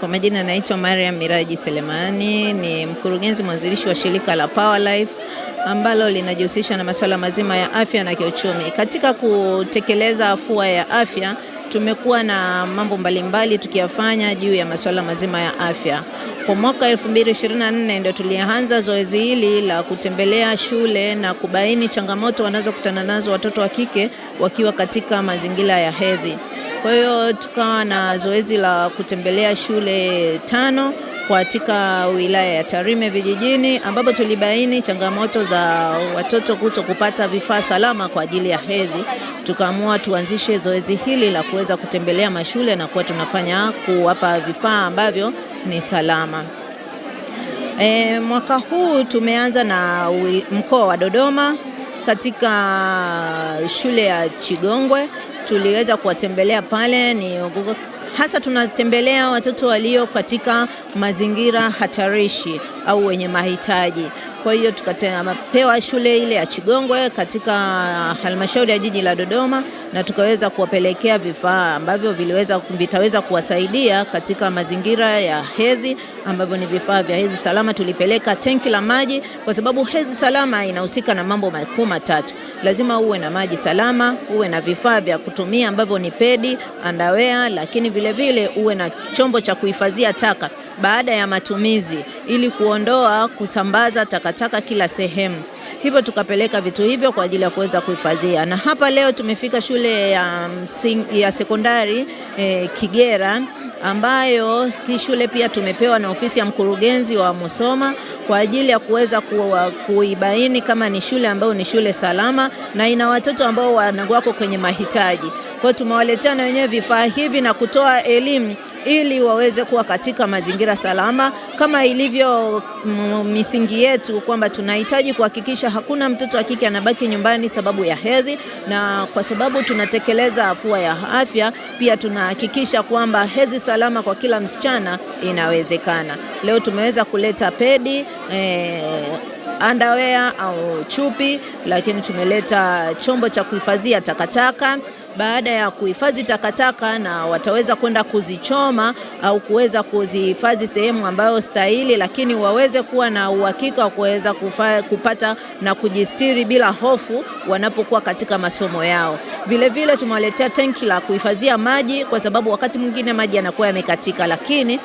Kwa majina naitwa Mariam Miraji Selemani, ni mkurugenzi mwanzilishi wa shirika la Life ambalo linajihusisha na masuala mazima ya afya na kiuchumi. Katika kutekeleza afua ya afya, tumekuwa na mambo mbalimbali tukiyafanya juu ya masuala mazima ya afya. Kwa mwaka 2024 ndio tulianza zoezi hili la kutembelea shule na kubaini changamoto wanazokutana nazo watoto wa kike wakiwa katika mazingira ya hedhi. Kwa hiyo tukawa na zoezi la kutembelea shule tano katika wilaya ya Tarime vijijini, ambapo tulibaini changamoto za watoto kuto kupata vifaa salama kwa ajili ya hedhi. Tukaamua tuanzishe zoezi hili la kuweza kutembelea mashule na kuwa tunafanya kuwapa vifaa ambavyo ni salama. E, mwaka huu tumeanza na mkoa wa Dodoma katika shule ya Chigongwe tuliweza kuwatembelea pale ni hasa tunatembelea watoto walio katika mazingira hatarishi au wenye mahitaji. Kwa hiyo tukapewa shule ile ya Chigongwe katika halmashauri ya jiji la Dodoma, na tukaweza kuwapelekea vifaa ambavyo viliweza vitaweza kuwasaidia katika mazingira ya hedhi, ambavyo ni vifaa vya hedhi salama. Tulipeleka tenki la maji, kwa sababu hedhi salama inahusika na mambo makuu matatu: lazima uwe na maji salama, uwe na vifaa vya kutumia ambavyo ni pedi, andawea, lakini vilevile uwe na chombo cha kuhifadhia taka baada ya matumizi ili kuondoa kusambaza takataka kila sehemu. Hivyo tukapeleka vitu hivyo kwa ajili ya kuweza kuhifadhia, na hapa leo tumefika shule ya, ya sekondari eh, Kigera ambayo hii shule pia tumepewa na ofisi ya mkurugenzi wa Musoma kwa ajili ya kuweza kuibaini kama ni shule ambayo ni shule salama na ina watoto ambao wako kwenye mahitaji. Kwa hiyo tumewaletea na wenyewe vifaa hivi na kutoa elimu ili waweze kuwa katika mazingira salama, kama ilivyo mm, misingi yetu kwamba tunahitaji kuhakikisha hakuna mtoto wa kike anabaki nyumbani sababu ya hedhi, na kwa sababu tunatekeleza afua ya afya, pia tunahakikisha kwamba hedhi salama kwa kila msichana inawezekana. Leo tumeweza kuleta pedi eh, underwear au chupi, lakini tumeleta chombo cha kuhifadhia takataka baada ya kuhifadhi takataka, na wataweza kwenda kuzichoma au kuweza kuzihifadhi sehemu ambayo stahili, lakini waweze kuwa na uhakika wa kuweza kupata na kujistiri bila hofu wanapokuwa katika masomo yao. Vilevile tumewaletea tenki la kuhifadhia maji, kwa sababu wakati mwingine maji yanakuwa yamekatika, lakini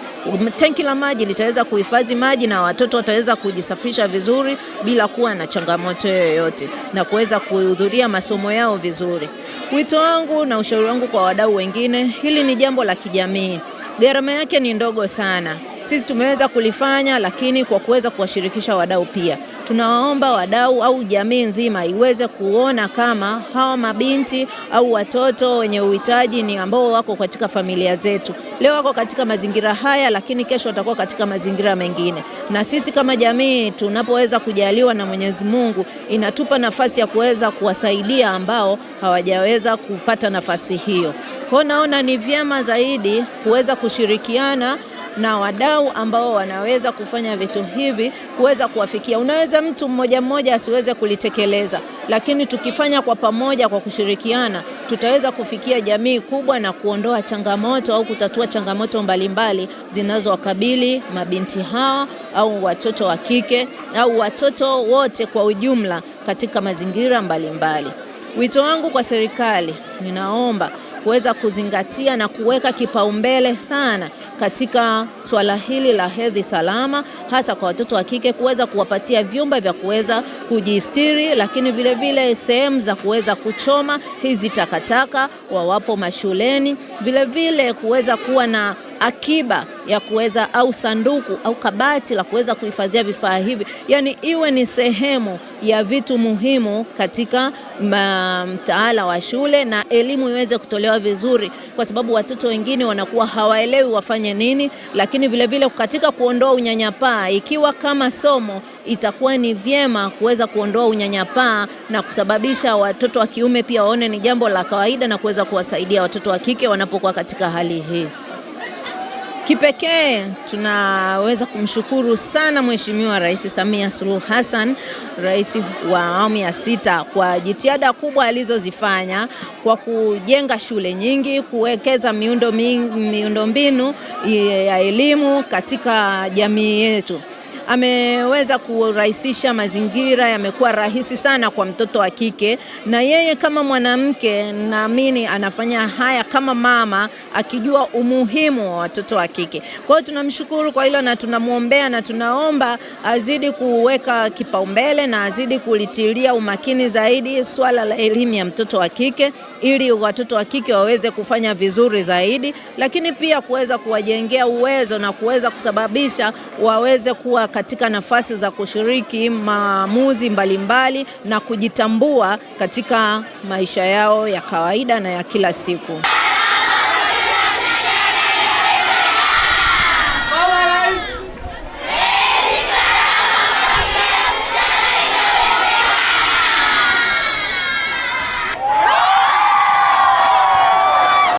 tenki la maji litaweza kuhifadhi maji na watoto wataweza kujisafisha vizuri bila kuwa na changamoto yoyote na kuweza kuhudhuria masomo yao vizuri. Wito wangu na ushauri wangu kwa wadau wengine, hili ni jambo la kijamii, gharama yake ni ndogo sana. Sisi tumeweza kulifanya, lakini kwa kuweza kuwashirikisha wadau pia tunawaomba wadau au jamii nzima iweze kuona kama hawa mabinti au watoto wenye uhitaji ni ambao wako katika familia zetu. Leo wako katika mazingira haya, lakini kesho watakuwa katika mazingira mengine, na sisi kama jamii tunapoweza kujaliwa na Mwenyezi Mungu inatupa nafasi ya kuweza kuwasaidia ambao hawajaweza kupata nafasi hiyo. Kwa naona ni vyema zaidi kuweza kushirikiana na wadau ambao wanaweza kufanya vitu hivi kuweza kuwafikia. Unaweza mtu mmoja mmoja asiweze kulitekeleza, lakini tukifanya kwa pamoja, kwa kushirikiana, tutaweza kufikia jamii kubwa na kuondoa changamoto au kutatua changamoto mbalimbali zinazowakabili mabinti hawa au watoto wa kike au watoto wote kwa ujumla katika mazingira mbalimbali Wito wangu kwa serikali, ninaomba kuweza kuzingatia na kuweka kipaumbele sana katika swala hili la hedhi salama, hasa kwa watoto wa kike, kuweza kuwapatia vyumba vya kuweza kujistiri, lakini vilevile sehemu za kuweza kuchoma hizi takataka wawapo mashuleni, vilevile kuweza kuwa na akiba ya kuweza au sanduku au kabati la kuweza kuhifadhia vifaa hivi, yani iwe ni sehemu ya vitu muhimu katika mm, mtaala wa shule na elimu iweze kutolewa vizuri, kwa sababu watoto wengine wanakuwa hawaelewi wafanye nini. Lakini vilevile vile katika kuondoa unyanyapaa, ikiwa kama somo itakuwa ni vyema kuweza kuondoa unyanyapaa na kusababisha watoto wa kiume pia waone ni jambo la kawaida na kuweza kuwasaidia watoto wa kike wanapokuwa katika hali hii. Kipekee tunaweza kumshukuru sana Mheshimiwa Rais Samia Suluhu Hassan, rais wa awamu ya sita, kwa jitihada kubwa alizozifanya kwa kujenga shule nyingi, kuwekeza miundo miundombinu ya elimu katika jamii yetu ameweza kurahisisha mazingira, yamekuwa rahisi sana kwa mtoto wa kike, na yeye kama mwanamke naamini anafanya haya kama mama, akijua umuhimu wa watoto wa kike. Kwa hiyo tunamshukuru kwa hilo na tunamwombea na tunaomba azidi kuweka kipaumbele na azidi kulitilia umakini zaidi swala la elimu ya mtoto wa kike, ili watoto wa kike waweze kufanya vizuri zaidi, lakini pia kuweza kuwajengea uwezo na kuweza kusababisha waweze kuwa katika nafasi za kushiriki maamuzi mbalimbali na kujitambua katika maisha yao ya kawaida na ya kila siku.